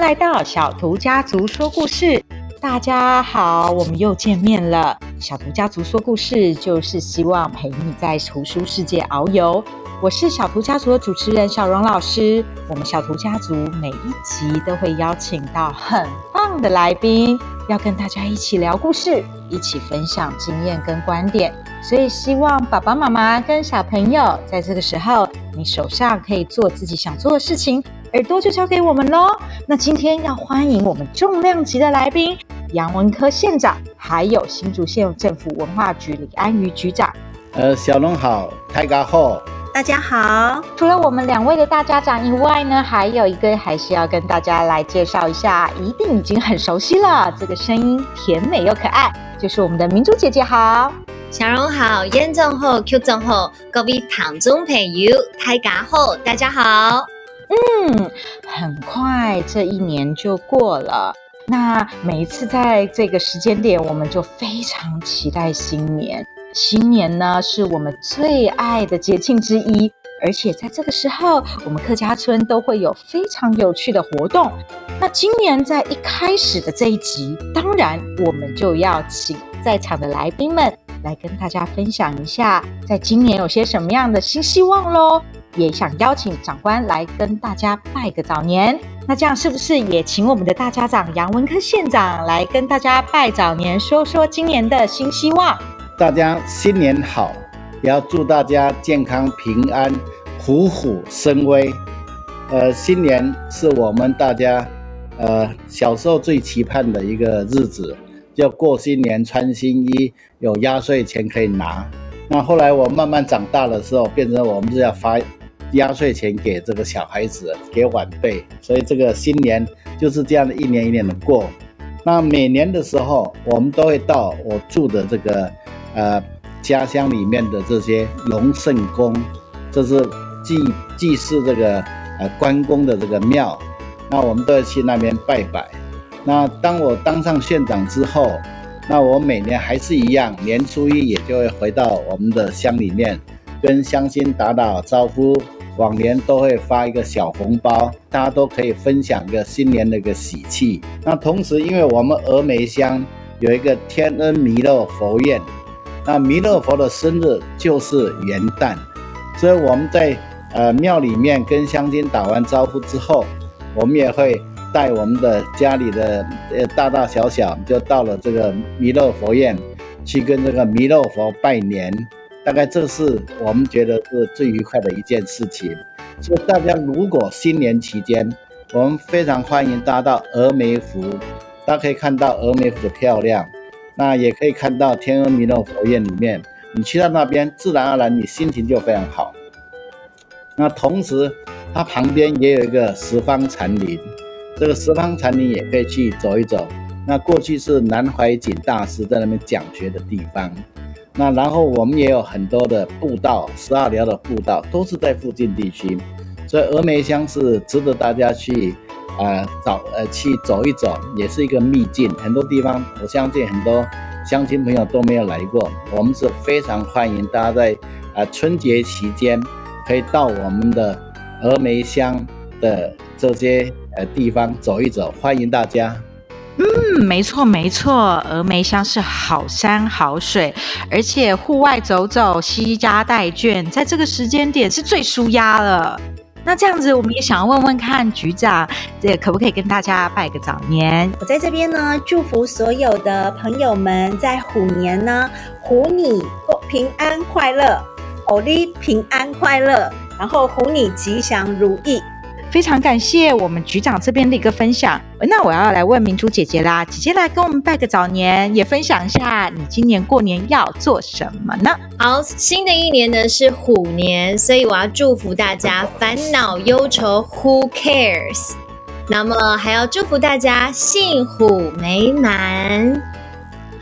來到小圖家族說故事，大家好，我們又見面了。小圖家族說故事，就是希望陪你在圖書世界遨遊。我是小圖家族的主持人小榮老師。我們小圖家族每一集都會邀請到很棒的來賓，要跟大家一起聊故事，一起分享經驗跟觀點。所以希望爸爸媽媽跟小朋友在這個時候，你手上可以做自己想做的事情。耳朵就交給我們嘍。那今天要歡迎我們重量級的來賓楊文科縣長，還有新竹縣政府文化局李安妤局長。呃，小龍好，大家好。大家好。除了我們兩位的大家長以外呢，還有一個還是要跟大家來介紹一下，一定已經很熟悉了。這個聲音甜美又可愛，就是我們的明珠姐姐好。小龍好，嚴總好，q 總好，各位聽眾朋友，大家好，大家好。嗯，很快這一年就過了。那每一次在這個時間點，我們就非常期待新年。新年呢，是我們最愛的節慶之一，而且在這個時候，我們客家村都會有非常有趣的活動。那今年在一開始的這一集，當然我們就要請在場的來賓們來跟大家分享一下，在今年有些什麼樣的新希望嘍。也想邀請長官來跟大家拜個早年，那這樣是不是也請我們的大家長楊文科縣長來跟大家拜早年，說說今年的新希望？大家新年好，也要祝大家健康平安，虎虎生威。呃，新年是我們大家，呃，小時候最期盼的一個日子，要過新年穿新衣，有壓歲錢可以拿。那後來我慢慢長大的時候，變成我們是要發。壓歲錢給這個小孩子，給晚輩，所以這個新年就是這樣的一年一年的過。那每年的時候，我們都會到我住的這個呃家鄉裡面的這些龍聖宮，這是祭祭祀這個呃關公的這個廟。那我們都會去那邊拜拜。那當我當上縣長之後，那我每年還是一樣，年初一也就會回到我們的鄉裡面，跟鄉親打打招呼。往年都會發一個小紅包，大家都可以分享一個新年的一個喜氣。那同時，因為我們峨眉鄉有一個天恩彌勒佛院，那彌勒佛的生日就是元旦，所以我們在呃廟裡面跟鄉親打完招呼之後，我們也會帶我們的家裡的呃大大小小，就到了這個彌勒佛院去跟這個彌勒佛拜年。大概這是我們覺得是最愉快的一件事情。所以大家如果新年期間，我們非常歡迎大家到峨眉湖。大家可以看到峨眉湖的漂亮，那也可以看到天恩彌勒佛院裡面。你去到那邊，自然而然你心情就非常好。那同時，它旁邊也有一個十方禪林，這個十方禪林也可以去走一走。那過去是南懷瑾大師在那邊講學的地方。那然後我們也有很多的步道，十二條的步道都是在附近地區，所以峨眉鄉是值得大家去，啊、呃、找呃去走一走，也是一個秘境，很多地方我相信很多鄉親朋友都沒有來過，我們是非常歡迎大家在，啊、呃、春節期間可以到我們的峨眉鄉的這些呃地方走一走，歡迎大家。嗯，沒錯沒錯，峨眉鄉是好山好水，而且戶外走走，攜家帶眷，在這個時間點是最紓壓了。那這樣子，我們也想要問問看局長，這可不可以跟大家拜個早年？我在這邊呢，祝福所有的朋友們在虎年呢，虎你過平安快樂，虎力平安快樂，然後虎你吉祥如意。非常感謝我們局長這邊的一個分享。欸、那我要來問明珠姐姐啦，姐姐來跟我們拜個早年，也分享一下你今年過年要做什麼呢？好，新的一年呢，是虎年，所以我要祝福大家煩惱憂愁 Who、嗯、cares？那麼還要祝福大家幸福美滿。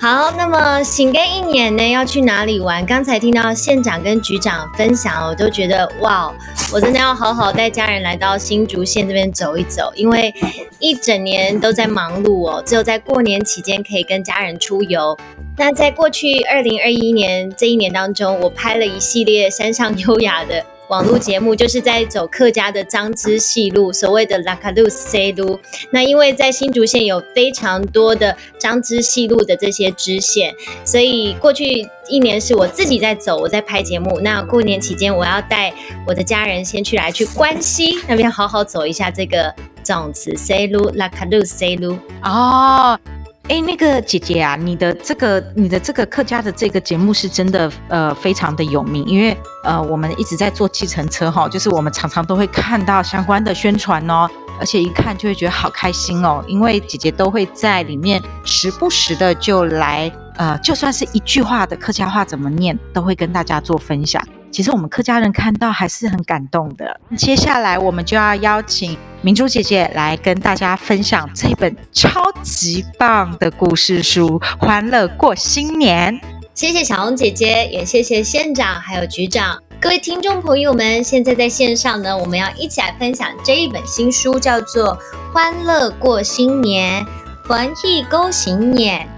好，那麼新的一年呢要去哪裡玩？剛才聽到縣長跟局長分享，我都覺得哇，我真的要好好帶家人來到新竹縣這邊走一走，因為一整年都在忙碌哦，只有在過年期間可以跟家人出遊。那在過去二零二一年這一年當中，我拍了一系列山上優雅的。網路節目就是在走客家的樟之細路，所謂的拉卡路塞路。那因為在新竹縣有非常多的樟之細路的這些支線，所以過去一年是我自己在走，我在拍節目。那過年期間，我要帶我的家人先去來去關西那邊，好好走一下這個樟之細路拉卡路塞路哦。Selu, 哎，那個姐姐啊，你的這個、你的這個客家的這個節目是真的，呃，非常的有名。因為呃，我們一直在坐計程車哈、哦，就是我們常常都會看到相關的宣傳哦，而且一看就會覺得好開心哦。因為姐姐都會在裡面時不時的就來，呃，就算是一句話的客家話怎麼念，都會跟大家做分享。其實我們客家人看到還是很感動的。接下來我們就要邀請。明珠姐姐來跟大家分享這本超級棒的故事書《歡樂過新年》。謝謝曉蓉姐姐，也謝謝縣長還有局長，各位聽眾朋友們，現在在線上呢，我們要一起來分享這一本新書，叫做《歡樂過新年》，文藝勾新年。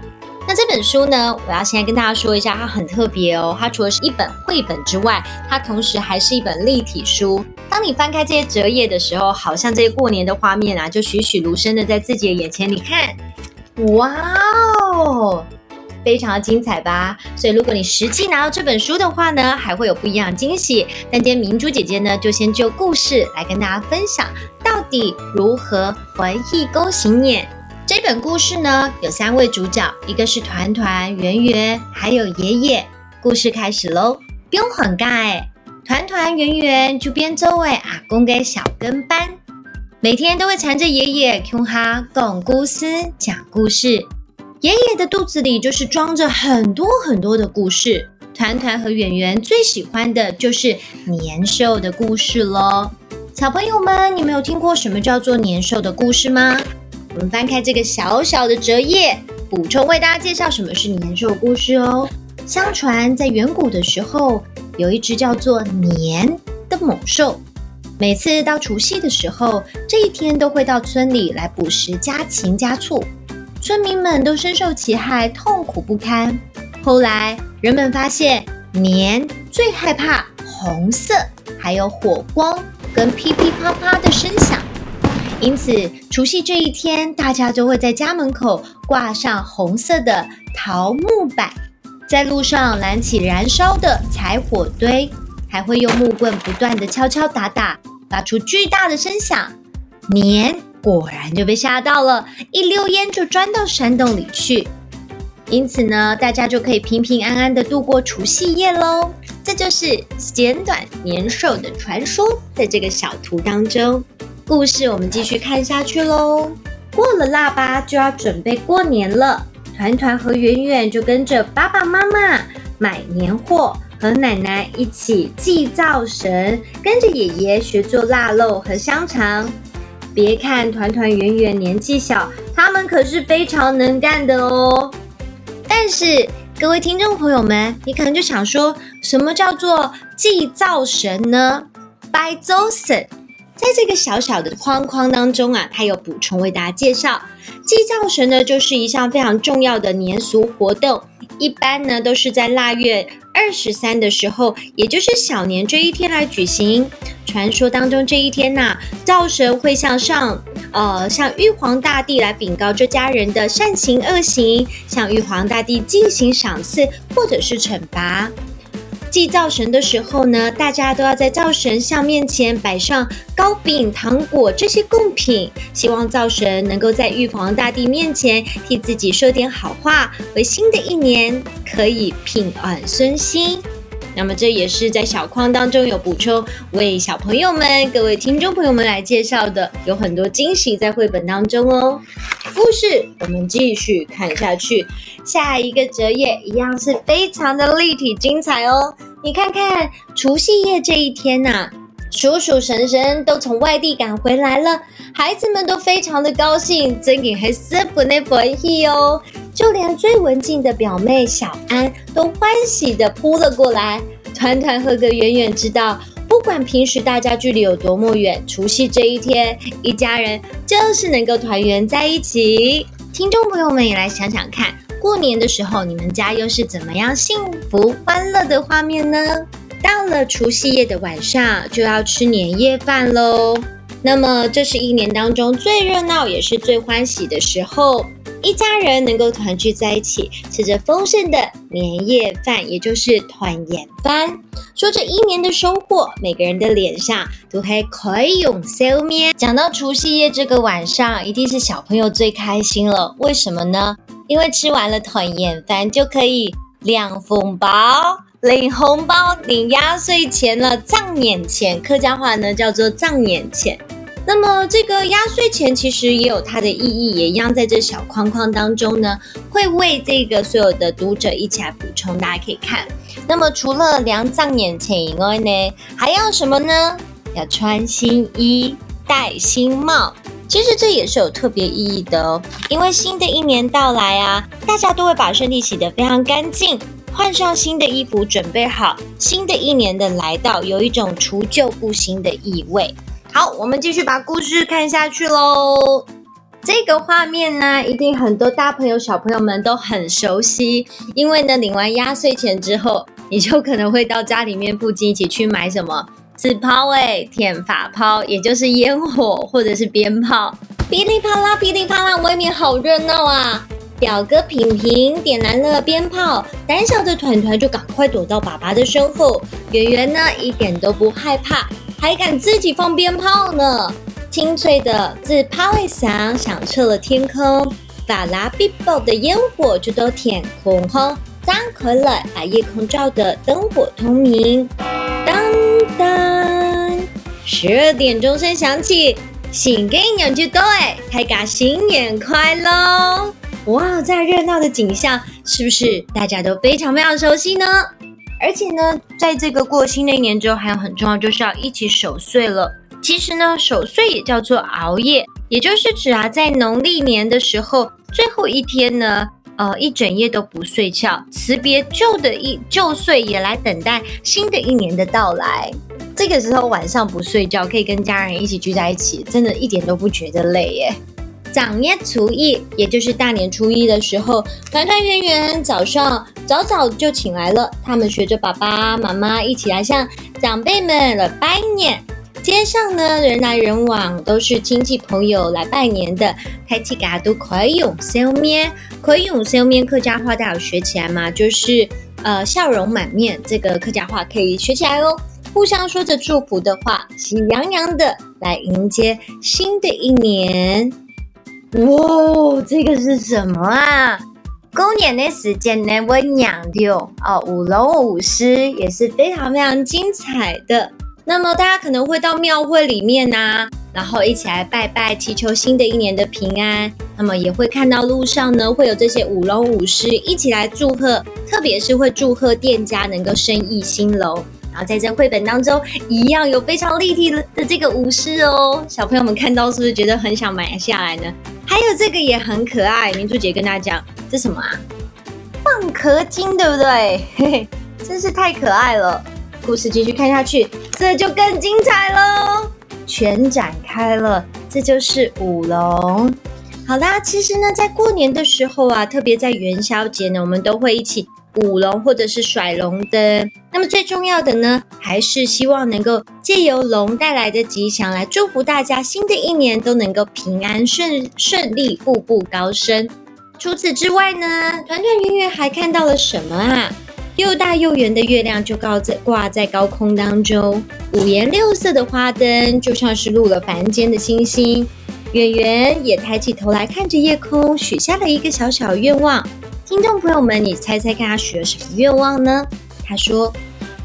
那這本書呢，我要先來跟大家說一下，它很特別哦。它除了是一本繪本之外，它同時還是一本立體書。當你翻開這些折頁的時候，好像這些過年的畫面啊，就栩栩如生的在自己的眼前。你看，哇哦，非常的精彩吧？所以如果你實際拿到這本書的話呢，還會有不一樣的驚喜。但今天明珠姐姐呢，就先就故事來跟大家分享，到底如何歡喜過新年。這本故事呢，有三位主角，一個是團團、圓圓，還有爺爺。故事開始嘍，不用很尬哎。團團圓圓就編這位阿公的小跟班，每天都會纏着爺爺，聽他講故事，講故事。爺爺的肚子裡就是裝着很多很多的故事。團團和圓圓最喜歡的就是年獸的故事囉。小朋友們，你們有聽過什麼叫做年獸的故事嗎？我們翻開這個小小的摺頁，補充為大家介紹什麼是年獸故事哦。相傳在遠古的時候，有一隻叫做年的猛獸，每次到除夕的時候，這一天都會到村裡來捕食家禽家畜，村民們都深受其害，痛苦不堪。後來人們發現，年最害怕紅色，還有火光跟噼噼啪啪啪的聲響。因此，除夕這一天，大家就會在家門口掛上紅色的桃木板，在路上燃起燃燒的柴火堆，還會用木棍不斷地敲敲打打，發出巨大的聲響。年果然就被嚇到了，一溜煙就鑽到山洞裡去。因此呢，大家就可以平平安安地度過除夕夜嘍。這就是簡短年獸的傳說，在這個小圖當中。故事我們繼續看下去嘍。過了臘八就要準備過年了，團團和圓圓就跟着爸爸媽媽買年貨，和奶奶一起祭灶神，跟着爺爺學做臘肉和香腸。別看團團圓圓年紀小，他們可是非常能幹的哦。但是各位聽眾朋友們，你可能就想說什麼叫做祭灶神呢？拜灶神在這個小小的框框當中啊，他有補充為大家介紹，祭灶神呢，就是一項非常重要的年俗活動。一般呢都是在臘月二十三的時候，也就是小年這一天來舉行。傳說當中這一天呢、啊，灶神會向上，呃，向玉皇大帝來禀告這家人的善行惡行，向玉皇大帝進行賞賜或者是懲罰。祭灶神的時候呢，大家都要在灶神像面前擺上糕餅、糖果這些貢品，希望灶神能夠在玉皇大帝面前替自己說點好話，為新的一年可以平安順心。那麼這也是在小框當中有補充，為小朋友們、各位聽眾朋友們來介紹的，有很多驚喜在繪本當中哦。故事我們繼續看下去，下一個折頁一樣是非常的立體精彩哦。你看看除夕夜這一天吶、啊，叔叔嬸嬸都從外地趕回來了，孩子們都非常的高興，真給孩子們過一個年哦。就連最文靜的表妹小安都歡喜地撲了過來。團團和圓圓知道，不管平時大家距離有多麼遠，除夕這一天，一家人就是能夠團圓在一起。聽眾朋友們也來想想看，過年的時候你們家又是怎麼樣幸福歡樂的畫面呢？到了除夕夜的晚上，就要吃年夜飯嘍。那麼，這是一年當中最熱鬧也是最歡喜的時候。一家人能夠團聚在一起，吃着豐盛的年夜飯，也就是團圓飯，說着一年的收穫，每個人的臉上都還可以用笑面。講到除夕夜這個晚上，一定是小朋友最開心了。為什麼呢？因為吃完了團圓飯，就可以亮紅包、領紅包、領壓歲錢了。藏年錢，客家話呢叫做藏年錢。那麼這個壓歲錢其實也有它的意義，也一樣在這小框框當中呢，會為這個所有的讀者一起來補充，大家可以看。那麼除了領壓歲錢以外呢，還要什麼呢？要穿新衣，戴新帽。其實這也是有特別意義的哦，因為新的一年到來啊，大家都會把身體洗得非常乾淨，換上新的衣服，準備好新的一年的來到，有一種除舊佈新的意味。好，我們繼續把故事看下去嘍。這個畫面呢，一定很多大朋友小朋友們都很熟悉，因為呢，領完壓歲錢之後，你就可能會到家裡面附近一起去買什麼紙炮、哎、欸，舔法炮，也就是煙火或者是鞭炮，噼里啪啦，噼里啪啦，外面好熱鬧啊！表哥平平點燃了鞭炮，膽小的團團就趕快躲到爸爸的身後，圓圓呢，一點都不害怕。還敢自己放鞭炮呢？清脆的自拍一響，響徹了天空。法拉必爆的煙火，就都天空空，張快樂，把夜空照得燈火通明。當當，十二點鐘聲響起，新年就到誒，大家新年快樂！哇，這樣熱鬧的景象，是不是大家都非常非常熟悉呢？而且呢，在這個過新的一年之後，還有很重要，就是要一起守歲了。其實呢，守歲也叫做熬夜，也就是指啊，在農曆年的時候最後一天呢，呃，一整夜都不睡覺，辭別舊的一舊歲，也來等待新的一年的到來。這個時候晚上不睡覺，可以跟家人一起聚在一起，真的一點都不覺得累耶。.長耶初一，也就是大年初一的時候，團團圓圓。早上早早就請來了，他們學着爸爸媽媽一起來向長輩們來拜年。街上呢，人來人往，都是親戚朋友來拜年的。開起家都可以用笑咪咪，可以用笑咪咪，客家話，大家有學起來嗎？就是呃笑容滿面。這個客家話可以學起來哦，互相說着祝福的話，喜洋洋的來迎接新的一年。哇，這個是什麼啊？過年的時間呢，我娘丟哦，舞龍舞獅也是非常非常精彩的。那麼大家可能會到廟會裡面啊，然後一起來拜拜，祈求新的一年的平安。那麼也會看到路上呢，會有這些舞龍舞獅一起來祝賀，特別是會祝賀店家能夠生意興隆。啊，在這繪本當中，一樣有非常立體的這個舞獅哦，小朋友們看到是不是覺得很想買下來呢？還有這個也很可愛，明珠姐跟大家講，這什麼啊？蚌殼精，對不對？嘿嘿，真是太可愛了。故事繼續看下去，這就更精彩嘍，全展開了，這就是舞龍。好啦，其實呢，在過年的時候啊，特別在元宵節呢，我們都會一起。舞龍或者是甩龍燈，那麼最重要的呢，還是希望能夠借由龍帶來的吉祥來祝福大家新的一年都能夠平安順順利，步步高升。除此之外呢，團團圓圓還看到了什麼啊？又大又圓的月亮就掛在掛在高空當中，五顏六色的花燈就像是入了凡間的星星。圓圓也抬起頭來看着夜空，許下了一個小小願望。聽眾朋友們，你猜猜看，他許了什麼願望呢？他說：“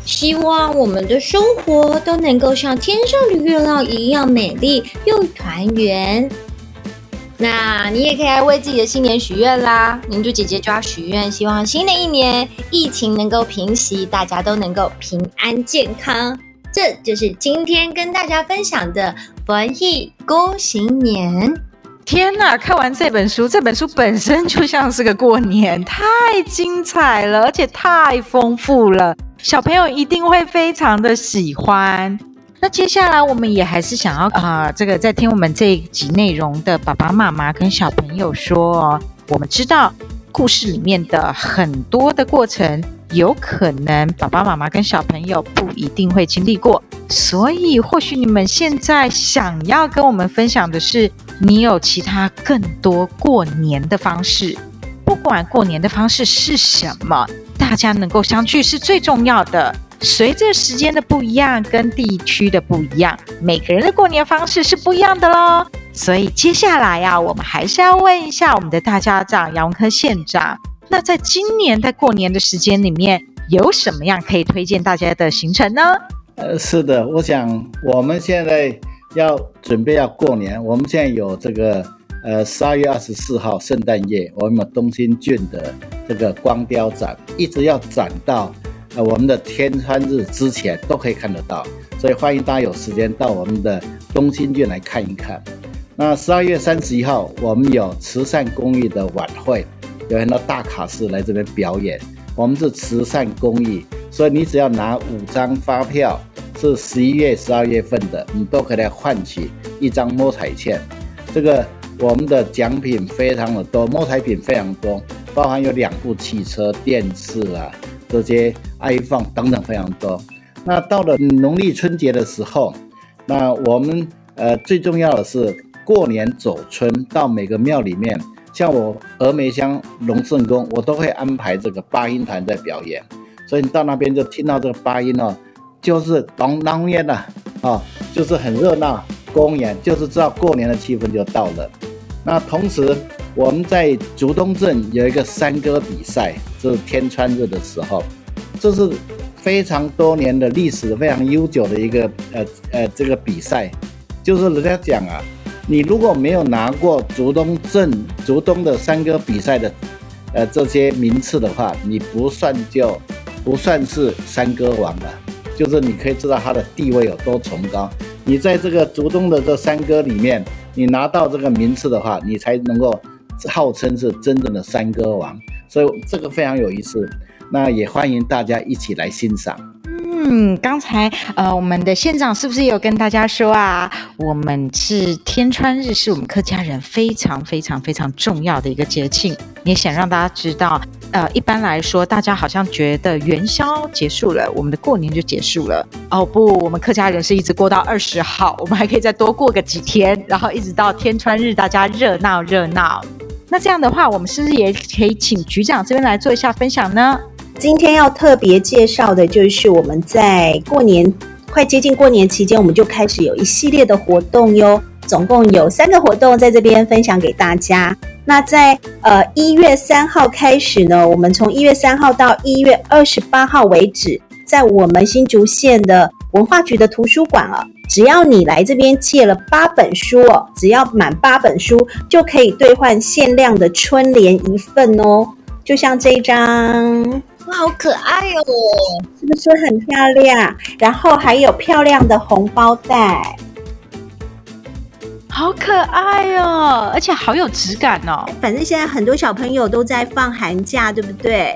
希望我們的生活都能夠像天上的月亮一樣美麗又團圓。那”那你也可以來為自己的新年許願啦！明珠姐姐就要許願，希望新的一年疫情能夠平息，大家都能夠平安健康。這就是今天跟大家分享的“福氣狗新年”。天吶！看完這本書，這本書本身就像是個過年，太精彩了，而且太豐富了，小朋友一定會非常的喜歡。那接下來我們也還是想要啊、呃，這個在聽我們這一集內容的爸爸媽媽跟小朋友說哦，我們知道故事裡面的很多的過程，有可能爸爸媽媽跟小朋友不一定會經歷過，所以或許你們現在想要跟我們分享的是。你有其他更多過年的方式，不管過年的方式是什麼，大家能夠相聚是最重要的。隨着時間的不一樣，跟地區的不一樣，每個人的過年的方式是不一樣的嘍。所以接下來呀、啊，我們還是要問一下我們的大家長楊文科縣長。那在今年的過年的時間裡面，有什麼樣可以推薦大家的行程呢？呃，是的，我想我們現在。要準備要過年，我們現在有這個，呃，十二月二十四號聖誕夜，我們東興郡的這個光雕展，一直要展到，呃，我們的天穿日之前都可以看得到，所以歡迎大家有時間到我們的東興郡來看一看。那十二月三十一號，我們有慈善公益的晚會，有很多大卡司來這邊表演，我們是慈善公益，所以你只要拿五張發票。是十一月、十二月份的，你都可以來換取一張摸彩券。這個我們的獎品非常的多，摸彩品非常多，包含有兩部汽車、電視啊，這些 iPhone 等等非常多。那到了農曆春節的時候，那我們呃最重要的是過年走春，到每個廟裡面，像我峨眉鄉龍聖宮，我都會安排這個八音團在表演，所以你到那邊就聽到這個八音哦。就是逛公園的啊、哦，就是很熱鬧。公園就是知道過年的氣氛，就到了。那同時，我們在竹東鎮有一個山歌比賽，就是天穿日的時候，這是非常多年的歷史，非常悠久的一個呃呃這個比賽。就是人家講啊，你如果沒有拿過竹東鎮竹東的山歌比賽的呃這些名次的話，你不算就不算是山歌王了。就是你可以知道他的地位有多崇高。你在這個竹東的這山歌裡面，你拿到這個名次的話，你才能夠號稱是真正的山歌王。所以這個非常有意思，那也歡迎大家一起來欣賞。嗯，剛才呃，我們的縣長是不是也有跟大家說啊？我們是天穿日，是我們客家人非常非常非常重要的一個節慶。也想讓大家知道，呃，一般來說，大家好像覺得元宵結束了，我們的過年就結束了。哦，不，我們客家人是一直過到二十號，我們還可以再多過個幾天，然後一直到天穿日，大家熱鬧熱鬧。那這樣的話，我們是不是也可以請局長這邊來做一下分享呢？今天要特別介紹的就是我們在過年快接近過年期間，我們就開始有一系列的活動喲。總共有三個活動在這邊分享給大家。那在呃一月三號開始呢，我們從一月三號到一月二十八號為止，在我們新竹縣的文化局的圖書館啊，只要你來這邊借了八本書哦，只要滿八本書就可以兌換限量的春聯一份哦，就像這一張。哇，好可愛哦！是不是很漂亮？然後還有漂亮的紅包袋，好可愛哦！而且好有質感哦。反正現在很多小朋友都在放寒假，對不對？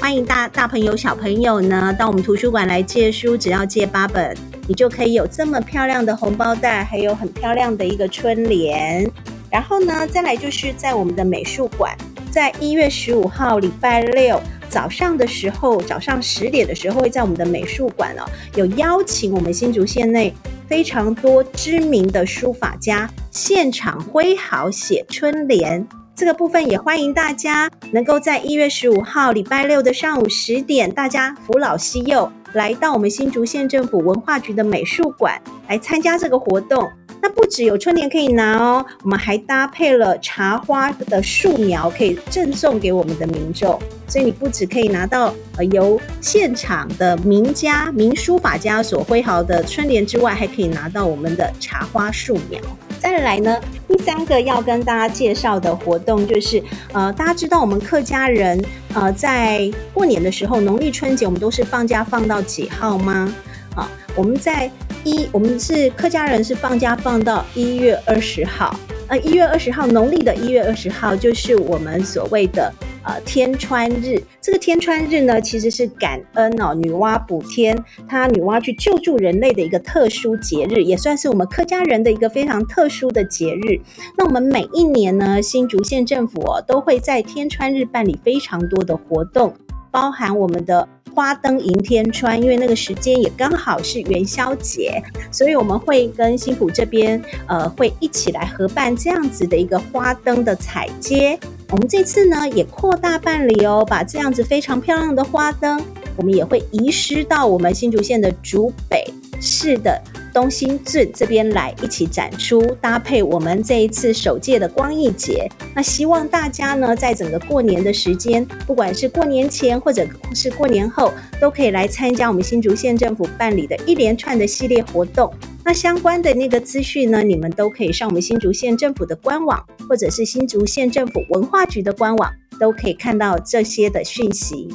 歡迎大大朋友、小朋友呢到我們圖書館來借書，只要借八本，你就可以有這麼漂亮的紅包袋，還有很漂亮的一個春聯。然後呢，再來就是在我們的美術館，在一月十五號禮拜六。早上的時候，早上十點的時候，會在我們的美術館哦，有邀請我們新竹縣內非常多知名的書法家現場揮毫寫春聯。這個部分也歡迎大家能夠在一月十五號禮拜六的上午十點，大家扶老攜幼來到我們新竹縣政府文化局的美術館來參加這個活動。那不只有春聯可以拿哦，我們還搭配了茶花的樹苗，可以贈送給我們的民眾。所以你不止可以拿到呃由現場的名家、名書法家所揮毫的春聯之外，還可以拿到我們的茶花樹苗。再來呢，第三個要跟大家介紹的活動就是，呃，大家知道我們客家人呃在過年的時候，農曆春節我們都是放假放到幾號嗎？啊，我們在。一，我們是客家人，是放假放到一月二十號。呃，一月二十號，農曆的一月二十號，就是我們所謂的呃天穿日。這個天穿日呢，其實是感恩哦，女媧補天，她女媧去救助人類的一個特殊節日，也算是我們客家人的一個非常特殊的節日。那我們每一年呢，新竹縣政府哦，都會在天穿日辦理非常多的活動。包含我們的花燈迎天穿，因為那個時間也剛好是元宵節，所以我們會跟新埔這邊呃會一起來合辦這樣子的一個花燈的踩街。我們這次呢也擴大辦理哦，把這樣子非常漂亮的花燈，我們也會移師到我們新竹縣的竹北。是的，東興圳這邊來一起展出，搭配我們這一次首屆的光藝節。那希望大家呢，在整個過年的時間，不管是過年前或者是過年後，都可以來參加我們新竹縣政府辦理的一連串的系列活動。那相關的那個資訊呢，你們都可以上我們新竹縣政府的官網，或者是新竹縣政府文化局的官網，都可以看到這些的訊息。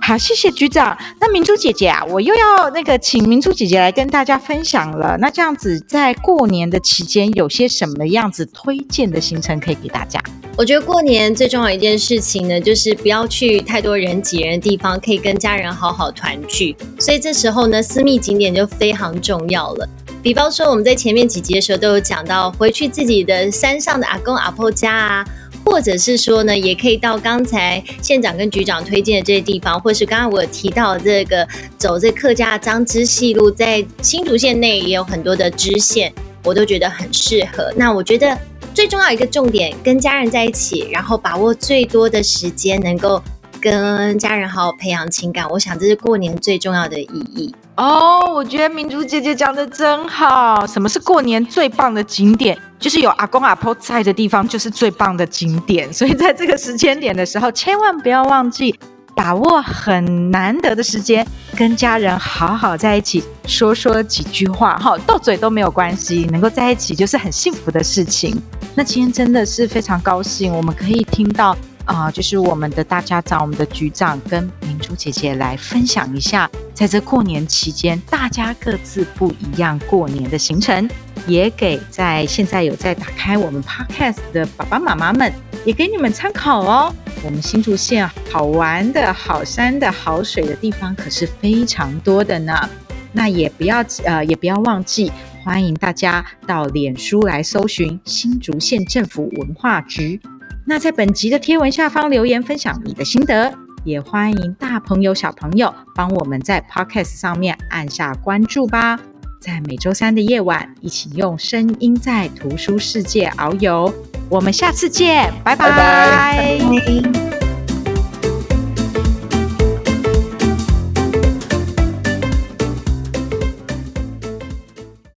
好，謝謝局長。那明珠姐姐啊，我又要那個請明珠姐姐來跟大家分享了。那這樣子，在過年的期間，有些什麼樣子推薦的行程可以給大家？我覺得過年最重要的一件事情呢，就是不要去太多人擠人的地方，可以跟家人好好團聚。所以這時候呢，私密景點就非常重要了。比方說，我們在前面幾集的時候都有講到，回去自己的山上的阿公阿婆家啊。或者是說呢，也可以到剛才縣長跟局長推薦的這些地方，或是剛剛我提到這個走這客家的樟之細路，在新竹縣內也有很多的支線，我都覺得很適合。那我覺得最重要一個重點，跟家人在一起，然後把握最多的時間，能夠跟家人好好培養情感，我想這是過年最重要的意義。哦，我覺得明珠姐姐講得真好。什麼是過年最棒的景點？就是有阿公阿婆在的地方，就是最棒的景點。所以在這個時間點的時候，千萬不要忘記把握很難得的時間，跟家人好好在一起，說說幾句話，哈，鬥嘴都沒有關係。能夠在一起就是很幸福的事情。那今天真的是非常高興，我們可以聽到。啊、呃，就是我們的大家長，我們的局長跟明珠姐姐來分享一下，在這過年期間，大家各自不一樣過年的行程，也給在現在有在打開我們 Podcast 的爸爸媽媽們，也給你們參考哦。我們新竹縣好玩的好山的好水的地方可是非常多的呢，那也不要呃也不要忘記，歡迎大家到臉書來搜尋新竹縣政府文化局。那在本集的貼文下方留言分享你的心得，也歡迎大朋友小朋友幫我們在 Podcast 上面按下關注吧。在每周三的夜晚，一起用聲音在圖書世界遨遊。我們下次見，拜拜拜拜，拜拜。